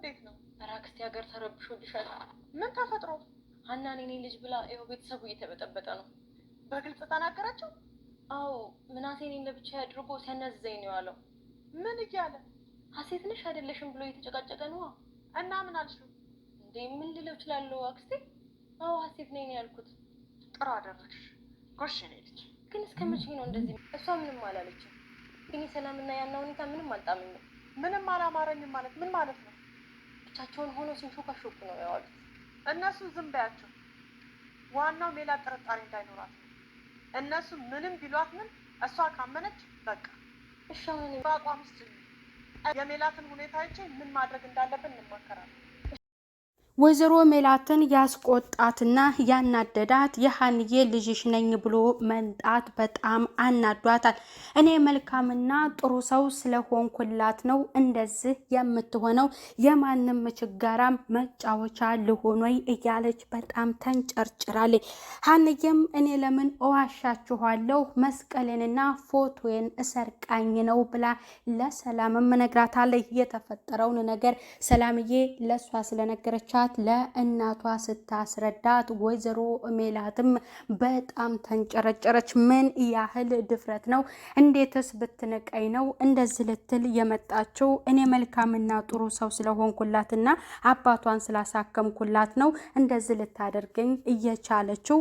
እንዴት ነው? አክስቴ ሀገር ተረብሾልሻል። ምን ተፈጥሮ? ሀና ኔ ልጅ ብላ ይኸው ቤተሰቡ እየተበጠበጠ ነው። በግልጽ ተናገራቸው? አዎ ምናሴ እኔን ለብቻ አድርጎ ሲያናዝዘኝ ነው ያለው። ምን እያለ? ሀሴት ነሽ አይደለሽም ብሎ እየተጨቃጨቀ ነው። እና ምን አልሽ? እንዴ ምን ልለው እችላለሁ አክስቴ? አዎ ሀሴት ነኝ ያልኩት። ጥሩ አደረግሽ። ጎሽ ልጅ ግን እስከ መቼ ነው እንደዚህ? እሷ ምንም አላለችም። ግን የሰላምና ያና ሁኔታ ምንም ነው ምንም አላማረኝም ማለት ምን ማለት ነው? ብቻቸውን ሆኖ ሲንሾካሾኩ ነው የዋሉት። እነሱ ዝም በያቸው። ዋናው ሌላ ጥርጣሬ እንዳይኖራት ነው። እነሱ ምንም ቢሏት ምን እሷ ካመነች በቃ እሻ በአቋም ስ የሜላትን ሁኔታዎችን ምን ማድረግ እንዳለብን እንመከራለን። ወይዘሮ ሜላትን ያስቆጣትና ያናደዳት የሀንዬ ልጅሽ ነኝ ብሎ መንጣት በጣም አናዷታል። እኔ መልካምና ጥሩ ሰው ስለሆንኩላት ነው እንደዚህ የምትሆነው የማንም ችጋራም መጫወቻ ልሆኖይ እያለች በጣም ተንጨርጭራለች። ሀንዬም እኔ ለምን እዋሻችኋለሁ መስቀሌንና ፎቶዬን እሰርቃኝ ነው ብላ ለሰላምም ነግራታለች። የተፈጠረውን ነገር ሰላምዬ ለእሷ ስለነገረቻት በማለት ለእናቷ ስታስረዳት ወይዘሮ ሜላትም በጣም ተንጨረጨረች። ምን ያህል ድፍረት ነው? እንዴትስ ብትነቀኝ ነው እንደዚህ ልትል የመጣችው? እኔ መልካምና ጥሩ ሰው ስለሆንኩላትና አባቷን ስላሳከምኩላት ነው እንደዚህ ልታደርገኝ እየቻለችው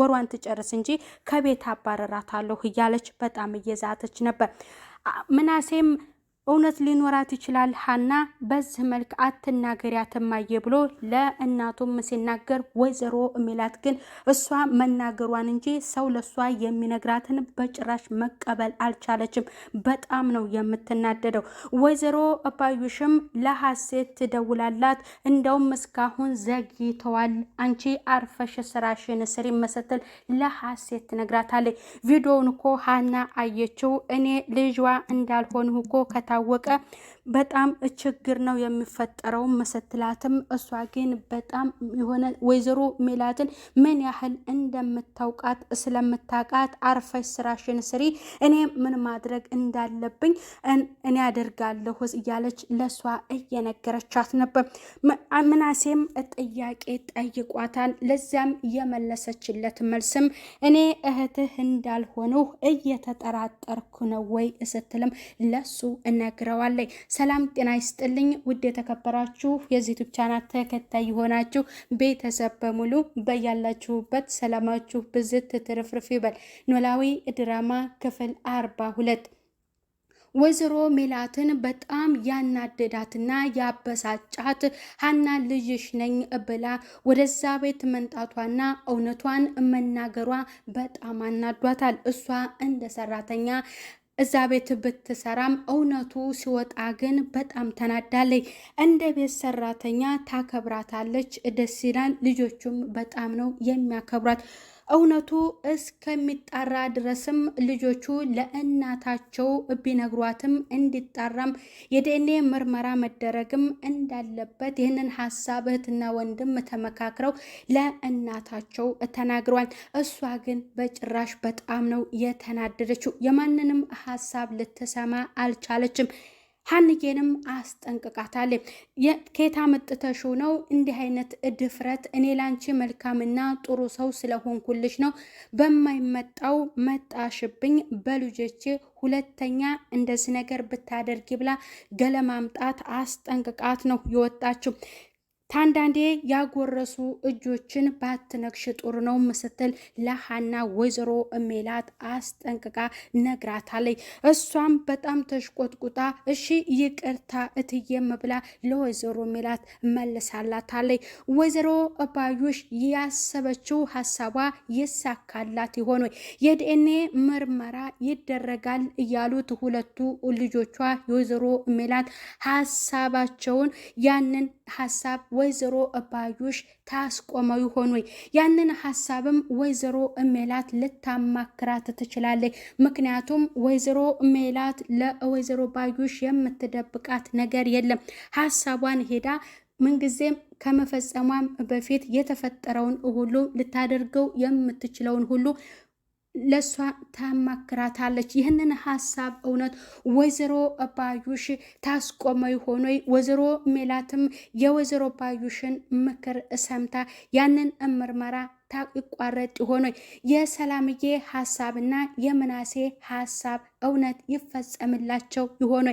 ወሯን ትጨርስ እንጂ ከቤት አባረራታለሁ እያለች በጣም እየዛተች ነበር። ምናሴም እውነት ሊኖራት ይችላል። ሀና በዚህ መልክ አትናገሪያት እማዬ ብሎ ለእናቱም ሲናገር፣ ወይዘሮ ሜላት ግን እሷ መናገሯን እንጂ ሰው ለእሷ የሚነግራትን በጭራሽ መቀበል አልቻለችም። በጣም ነው የምትናደደው። ወይዘሮ ባዩሽም ለሀሴት ትደውላላት። እንደውም እስካሁን ዘግይተዋል፣ አንቺ አርፈሽ ስራሽን ስሪ መሰትል ለሀሴት ትነግራታለች። ቪዲዮውን እኮ ሀና አየችው። እኔ ልጇ እንዳልሆንሁ እኮ ከታ ስላልታወቀ በጣም ችግር ነው የሚፈጠረው መሰትላትም እሷ ግን በጣም የሆነ ወይዘሮ ሜላትን ምን ያህል እንደምታውቃት ስለምታውቃት አርፈሽ ስራሽን ስሪ፣ እኔ ምን ማድረግ እንዳለብኝ እኔ አደርጋለሁ እያለች ለእሷ እየነገረቻት ነበር። ምናሴም ጥያቄ ጠይቋታል። ለዚያም የመለሰችለት መልስም እኔ እህትህ እንዳልሆነው እየተጠራጠርኩ ነው ወይ ስትልም ለሱ ትነግረዋለች። ሰላም ጤና ይስጥልኝ ውድ የተከበራችሁ የዚህ ዩቱብ ቻናል ተከታይ የሆናችሁ ቤተሰብ በሙሉ በያላችሁበት ሰላማችሁ ብዝት ትርፍርፍ ይበል። ኖላዊ ድራማ ክፍል አርባ ሁለት ወይዘሮ ሜላትን በጣም ያናደዳትና ያበሳጫት ሀና ልጅሽ ነኝ ብላ ወደዛ ቤት መንጣቷና እውነቷን መናገሯ በጣም አናዷታል። እሷ እንደ ሰራተኛ እዛ ቤት ብትሰራም እውነቱ ሲወጣ ግን በጣም ተናዳለች። እንደ ቤት ሰራተኛ ታከብራታለች፣ ደስ ይላል። ልጆቹም በጣም ነው የሚያከብራት። እውነቱ እስከሚጣራ ድረስም ልጆቹ ለእናታቸው ቢነግሯትም እንዲጣራም የዲኤንኤ ምርመራ መደረግም እንዳለበት ይህንን ሀሳብ እህትና ወንድም ተመካክረው ለእናታቸው ተናግሯል። እሷ ግን በጭራሽ በጣም ነው የተናደደችው። የማንንም ሀሳብ ልትሰማ አልቻለችም። ሀንዬንም አስጠንቅቃታል። ከየት አመጥተሽው ነው እንዲህ አይነት ድፍረት? እኔ ላንቺ መልካምና ጥሩ ሰው ስለሆንኩልሽ ነው በማይመጣው መጣሽብኝ። በልጆቼ ሁለተኛ እንደዚህ ነገር ብታደርጊ ብላ ገለማምጣት አስጠንቅቃት ነው የወጣችው። ታንዳንዴ ያጎረሱ እጆችን ባትነክሽ ጥሩ ነው ምስትል ለሀና ወይዘሮ ሜላት አስጠንቅቃ ነግራታለች። እሷም በጣም ተሽቆጥቁጣ እሺ ይቅርታ እትዬም ብላ ለወይዘሮ ሜላት መልሳላታለች። ወይዘሮ ባዩሽ ያሰበችው ሀሳቧ ይሳካላት ይሆን? የዲኤንኤ ምርመራ ይደረጋል እያሉት ሁለቱ ልጆቿ የወይዘሮ ሜላት ሀሳባቸውን ያንን ሀሳብ ወይዘሮ ባዩሽ ታስቆመው ይሆን ወይ? ያንን ሀሳብም ወይዘሮ ሜላት ልታማክራት ትችላለች። ምክንያቱም ወይዘሮ ሜላት ለወይዘሮ ባዩሽ የምትደብቃት ነገር የለም። ሀሳቧን ሄዳ ምንጊዜም ከመፈጸሟም በፊት የተፈጠረውን ሁሉ ልታደርገው የምትችለውን ሁሉ ለእሷ ታማክራታለች። ይህንን ሀሳብ እውነት ወይዘሮ ባዩሽ ታስቆመ ይሆን? ወይዘሮ ሜላትም የወይዘሮ ባዩሽን ምክር ሰምታ ያንን ምርመራ ይቋረጥ ሆኖ የሰላምዬ ሀሳብና የምናሴ ሀሳብ እውነት ይፈጸምላቸው ይሆኖ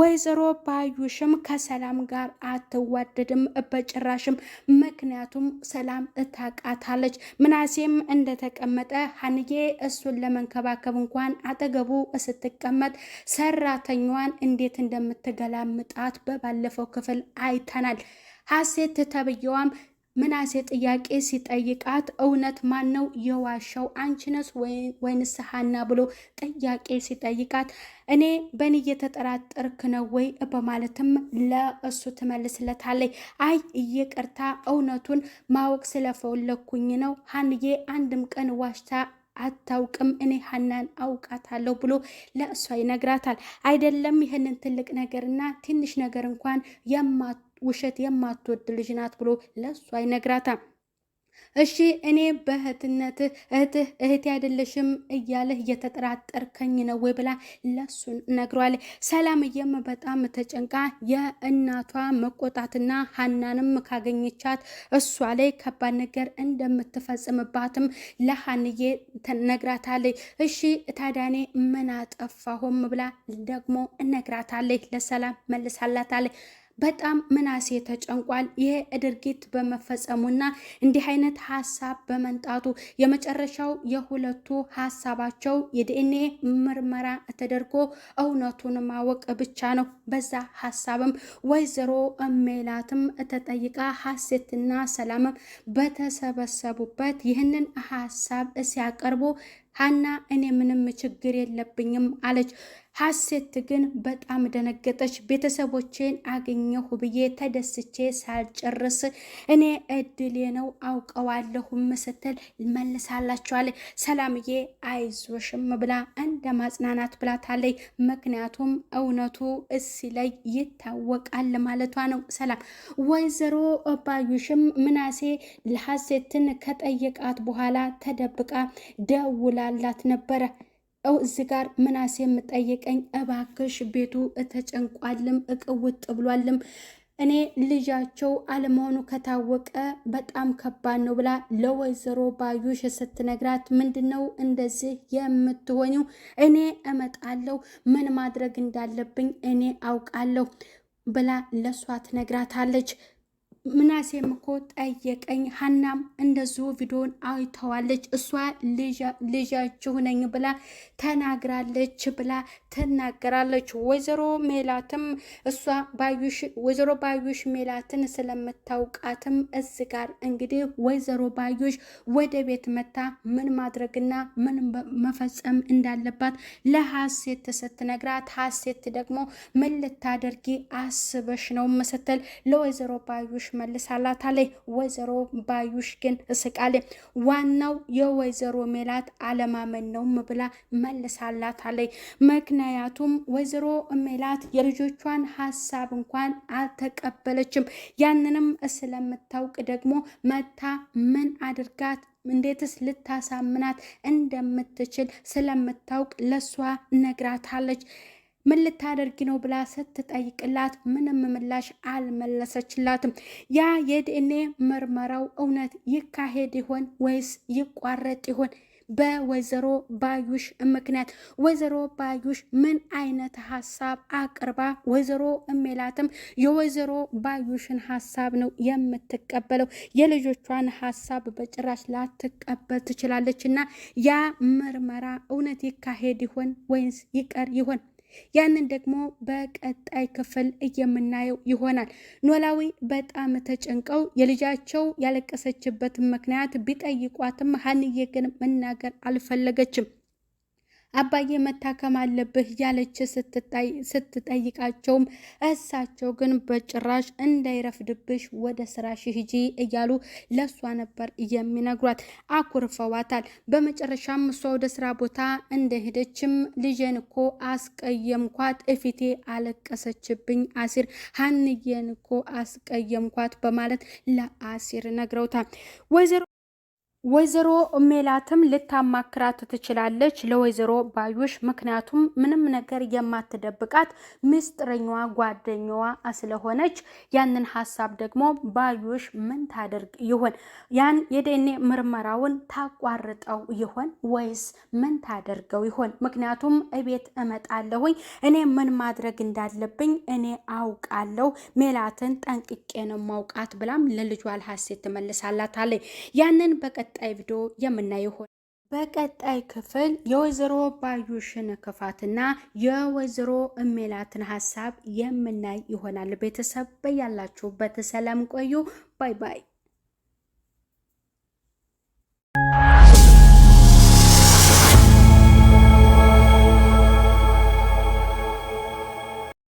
ወይዘሮ ባዩሽም ከሰላም ጋር አትዋደድም በጭራሽም። ምክንያቱም ሰላም እታቃታለች። ምናሴም እንደተቀመጠ ሀንዬ እሱን ለመንከባከብ እንኳን አጠገቡ ስትቀመጥ ሰራተኛዋን እንዴት እንደምትገላምጣት በባለፈው ክፍል አይተናል። ሀሴት ተብየዋም ምናሴ ጥያቄ ሲጠይቃት እውነት ማን ነው የዋሻው አንችነስ ወይንስ ሀና ብሎ ጥያቄ ሲጠይቃት እኔ በእኔ እየተጠራጠርክ ነው ወይ በማለትም ለእሱ ትመልስለታለች። አይ እየቅርታ እውነቱን ማወቅ ስለፈለኩኝ ነው ሀንዬ አንድም ቀን ዋሽታ አታውቅም እኔ ሀናን አውቃታለሁ ብሎ ለእሷ ይነግራታል። አይደለም ይህንን ትልቅ ነገርና ትንሽ ነገር እንኳን የማ ውሸት የማትወድ ልጅ ናት ብሎ ለእሷ አይነግራታም። እሺ እኔ በእህትነት እህትህ እህቴ አይደለሽም እያለህ እየተጠራጠርከኝ ነው ወይ ብላ ለሱ ነግሯል። ሰላምዬም በጣም ተጨንቃ የእናቷ መቆጣትና ሀናንም ካገኘቻት እሷ ላይ ከባድ ነገር እንደምትፈጽምባትም ለሀንዬ ነግራታለች። እሺ ታዲያ እኔ ምን አጠፋሁም ብላ ደግሞ ነግራታለች። ለሰላም መልሳላታለች። በጣም ምናሴ ተጨንቋል። ይሄ ድርጊት በመፈጸሙና እንዲህ አይነት ሀሳብ በመንጣቱ የመጨረሻው የሁለቱ ሀሳባቸው የዲኤንኤ ምርመራ ተደርጎ እውነቱን ማወቅ ብቻ ነው። በዛ ሀሳብም ወይዘሮ ሜላትም ተጠይቃ ሀሴትና ሰላምም በተሰበሰቡበት ይህንን ሀሳብ ሲያቀርቡ ሀና እኔ ምንም ችግር የለብኝም አለች። ሀሴት ግን በጣም ደነገጠች። ቤተሰቦቼን አገኘሁ ብዬ ተደስቼ ሳልጨርስ እኔ እድሌ ነው አውቀዋለሁም ስትል መልሳላችኋለች። ሰላምዬ አይዞሽም ብላ እንደ ማጽናናት ብላታለች። ምክንያቱም እውነቱ እሲ ላይ ይታወቃል ማለቷ ነው። ሰላም ወይዘሮ ባዩሽም ምናሴ ለሀሴትን ከጠየቃት በኋላ ተደብቃ ደውላ እየላላት ነበረ። ው እዚህ ጋር ምናሴ የምጠይቀኝ እባክሽ ቤቱ ተጨንቋልም እቅውጥ ብሏልም እኔ ልጃቸው አለመሆኑ ከታወቀ በጣም ከባድ ነው ብላ ለወይዘሮ ባዩሽ ስትነግራት፣ ምንድነው እንደዚህ የምትሆኝው? እኔ እመጣለሁ፣ ምን ማድረግ እንዳለብኝ እኔ አውቃለሁ ብላ ለሷ ትነግራታለች። ምናሴም እኮ ጠየቀኝ። ሀናም እንደዚሁ ቪዲዮን አይተዋለች። እሷ ልጃችሁ ነኝ ብላ ተናግራለች ብላ ትናገራለች። ወይዘሮ ሜላትም እሷ ባዩሽ ወይዘሮ ባዩሽ ሜላትን ስለምታውቃትም እዚ ጋር እንግዲህ ወይዘሮ ባዩሽ ወደ ቤት መታ ምን ማድረግና ምን መፈጸም እንዳለባት ለሀሴት ስትነግራት ሀሴት ደግሞ ምን ልታደርጊ አስበሽ ነው መሰተል ለወይዘሮ ባዩሽ መልሳላት አለ። ወይዘሮ ባዩሽ ግን እስቃለ። ዋናው የወይዘሮ ሜላት አለማመን ነው ብላ መልሳላት አለ። ምክንያቱም ወይዘሮ ሜላት የልጆቿን ሀሳብ እንኳን አልተቀበለችም። ያንንም ስለምታውቅ ደግሞ መታ ምን አድርጋት እንዴትስ ልታሳምናት እንደምትችል ስለምታውቅ ለሷ ነግራታለች። ምን ልታደርጊ ነው ብላ ስትጠይቅላት ምንም ምላሽ አልመለሰችላትም። ያ የዲኤንኤ ምርመራው እውነት ይካሄድ ይሆን ወይስ ይቋረጥ ይሆን? በወይዘሮ ባዩሽ ምክንያት ወይዘሮ ባዩሽ ምን አይነት ሀሳብ አቅርባ ወይዘሮ እሜላትም የወይዘሮ ባዩሽን ሀሳብ ነው የምትቀበለው። የልጆቿን ሀሳብ በጭራሽ ላትቀበል ትችላለች። እና ያ ምርመራ እውነት ይካሄድ ይሆን ወይስ ይቀር ይሆን? ያንን ደግሞ በቀጣይ ክፍል የምናየው ይሆናል። ኖላዊ በጣም ተጨንቀው የልጃቸው ያለቀሰችበትን ምክንያት ቢጠይቋትም ሀንዬ ግን መናገር አልፈለገችም። አባዬ መታከም አለብህ ያለች ስትጠይቃቸውም እሳቸው ግን በጭራሽ እንዳይረፍድብሽ ወደ ስራሽ ሂጂ እያሉ ለእሷ ነበር የሚነግሯት። አኩርፈዋታል። በመጨረሻም እሷ ወደ ስራ ቦታ እንደሄደችም ልጄን እኮ አስቀየምኳት፣ እፊቴ አለቀሰችብኝ፣ አሲር ሀንዬን እኮ አስቀየምኳት በማለት ለአሲር ነግረውታል። ወይዘሮ ወይዘሮ ሜላትም ልታማክራት ትችላለች ለወይዘሮ ባዩሽ። ምክንያቱም ምንም ነገር የማትደብቃት ምስጢረኛዋ ጓደኛዋ ስለሆነች ያንን ሀሳብ ደግሞ ባዩሽ ምን ታደርግ ይሆን? ያን የደኔ ምርመራውን ታቋርጠው ይሆን ወይስ ምን ታደርገው ይሆን? ምክንያቱም እቤት እመጣለሁኝ እኔ ምን ማድረግ እንዳለብኝ እኔ አውቃለሁ፣ ሜላትን ጠንቅቄ ነው ማውቃት ብላም ለልጇ ሀሴት ትመልሳላታለች። ያንን በቀ በቀጣይ ቪዲዮ የምናየው ሆነ። በቀጣይ ክፍል የወይዘሮ ባዩሽን ክፋትና የወይዘሮ እሜላትን ሀሳብ የምናይ ይሆናል። ቤተሰብ በያላችሁበት ሰላም ቆዩ። ባይ ባይ።